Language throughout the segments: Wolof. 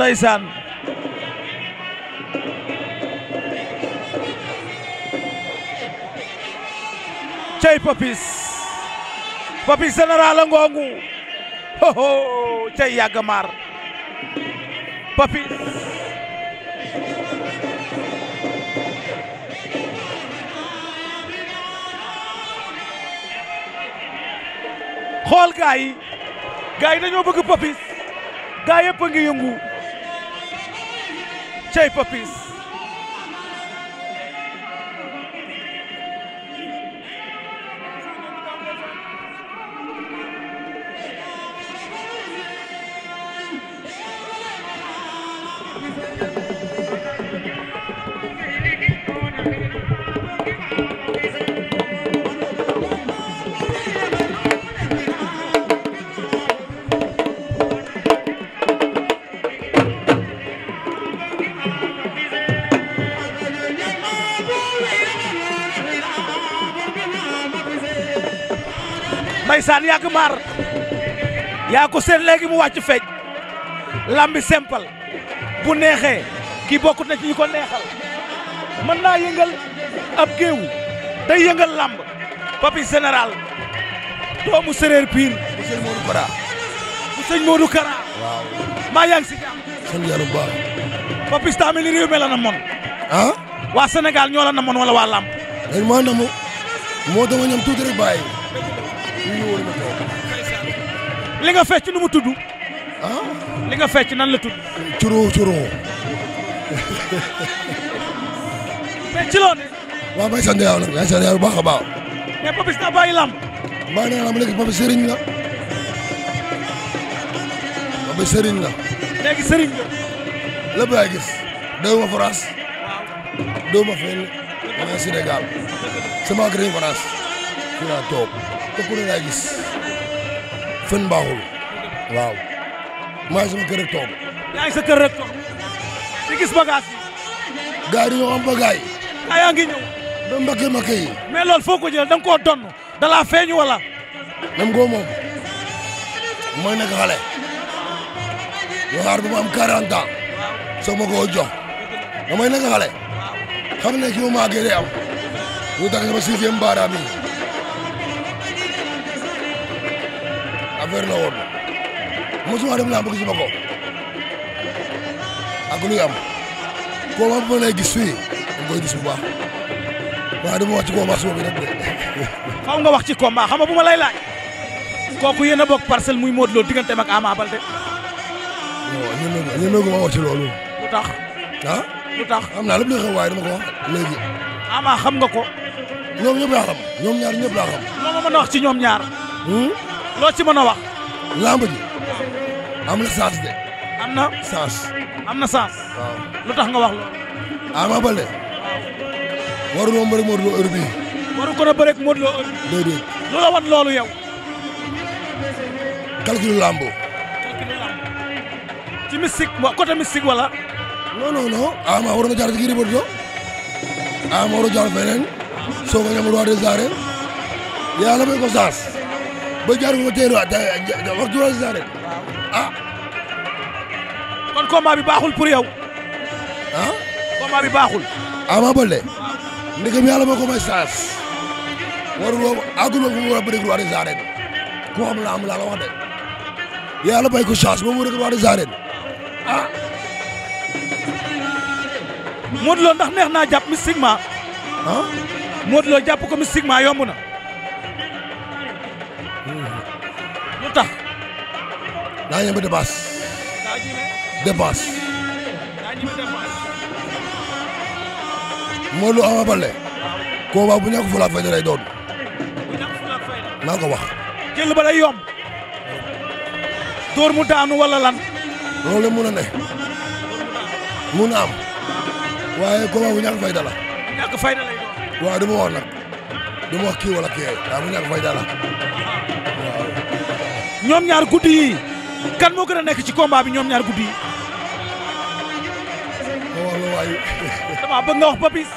ndeysaan cey papis papis général a ngoongu hoho cey yàgg maar xool gaay gaay dañoo bëgg papis gaay yëpp a ngi yëngu cey Papis ndeysaan yàgg maar yaa ko seen léegi mu wàcc feej lambi simple bu neexee kii bokkut na ci ñu ko neexal mën naa yëngal ab géewu day làmb lamb papi général doomu séréer piir bu sëñ Modou Kara Kara maa yaa ngi si jàmm sant yàlla papis taami li réew mi la na mon ah? waa Sénégal ñoo la na mon wala waa lamb dañ maa na mo moo dama ñam tuuti rek li nga fecc nu mu tudd. Ah? li nga fecc nan la tudd. curoo curoo. mais ci loolu. waaw may sant yàlla may sant yàlla bu baax a baax. mais Papis daa bàyyi lamb. maa ngi lamb léegi Papis sëriñ la. Papis sëriñ la. léegi sëriñ la. lépp laay gis. dewuma France. waaw. dewuma fenn. dewuma Sénégal. sama gré France. fi naa toog te ku ne laa gis baaxul waaw maa ngi sama kër toog. yaa ngi sa kër rek toog di gis bagage yi. gars yi dañoo am ñëw. ba mbakke mbakke yi. mais loolu foo ko jël da nga koo donn da laa feeñ wala. nam ko moom mooy yoo xaar bu ma am 40 ans. soog ma koo jox. damay nekk xale. ne ki ma màggee day am. ñu tax sama sixième baaraam yi. affaire la woon mosuma dem laa bëgg ma ko ak luy am bu ma lay gis fii dañ koy gis bu baax waaye ci combat suba bi rek de. nga wax ci combat xam nga bu ma lay laaj. kooku yéen a bokk parcelle muy Modou loo digganteem ak Ama Balde. waaw ñeme ko ma wax loolu. lu tax. ah lu tax am naa lu luy xew waaye dama ko wax léegi. xam nga ko. ñoom ñëpp laa xam ñoom ñaar ñëpp laa xam. loolu ma mën a ñoom ñaar. Hmm? loo ci mën a wax. lamb ji am na sens de. am na sens. na sens. lu tax nga wax loolu. Ama Baldé. waruñoo mbërëg Modou Lo heure bii. waru ko na bërëg Modou Lo heure bii. wan loolu yow. calcul lambo. calcul lambo. ci mystique wa côté mystique wala. non Ama waroon na jaar ci kii Ama waroon jaar feneen. soo ko ñam roi des arènes. yàlla ko sens. ba jaarul a téeru waxtu wala si rek ah. kon combat bi baaxul pour yow. ah. combat bi baaxul. Ama Baldé. ndegam yàlla moo ko may saas. warul woon àggul woon fu mu war a bëri roi ku xam la am laa la wax de yàlla bay ko chance ba mu rek roi des arènes ah. Modou Lo ndax neex naa jàpp mystiquement. ah. Modou Lo jàpp ko mystiquement yomb na. daa ñeme dépasse dépasse Modou Lo Ama Baldé combat bu ñàkk fulaak fayda lay doon naa ko wax jël ba lay yomb dóor mu daanu wala lan loolu la mun a ne mun a waaye combat bu ñàkk fayda la ñàkk fayda lay doon waaw dama wax nag dama wax kii wala kii waaw bu ñàkk fayda la ñoom ñaar guddi yi kan moo gën a nekk ci combat bi ñoom ñaar guddi yi. dama bëgg nga wax Papis.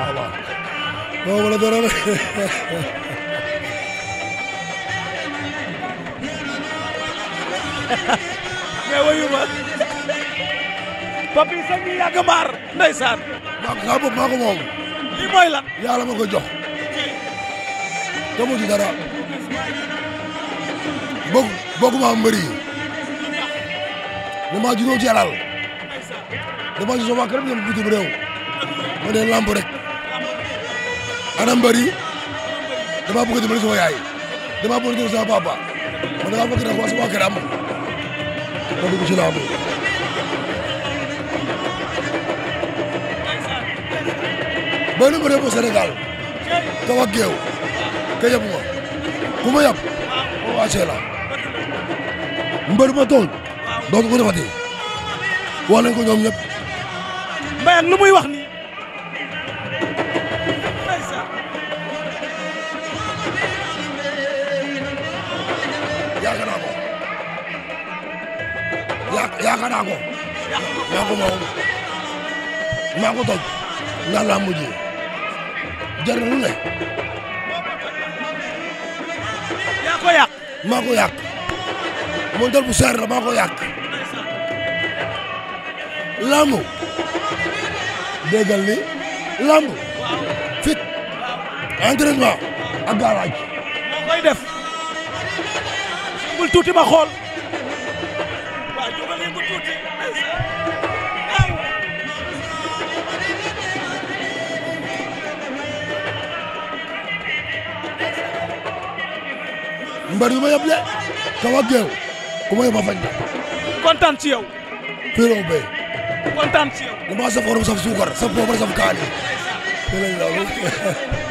ah waaw. non wala dara rek. mais wuyu ma. Papis sax ñuy yàgg maar. ndeysaan. maa ko saa bopp maa ko moom. lii mooy lan. yàlla ma ko jox. te mu ci bokk bokkuma mbër yi dama juróo ci alal dama si sama kër dem bitim réew ma ne lamb rek ana mbër yi dama bëgg dimbali sama yaay dama bëgg dimbali sama papa man dama bëgg nag waa sama kër am ma dugg ci lamb benn mbër bu Sénégal kaw ak géew ka yab ma ku ma yab ma mbër ma tooñ dootu ko defati wax nañ ko ñoom ñëpp. Mbaye lu muy wax ni yaakaar naa ko yaakaar naa ko moom maa toj ndax laa mujjee jar na yaa ko yàq maa ko montal bu cher la maa ko yàq lamb déggal ni lamb fit entraînement ak galaaj moo koy def bul tuuti ma xool waaw ma yëpp de kaw ak ku ma ma fañ la. kontaan ci yow. fii la bay. kontaan ci yow. damaa saf xorom saf suukar saf poobar saf kaani. fii la ñu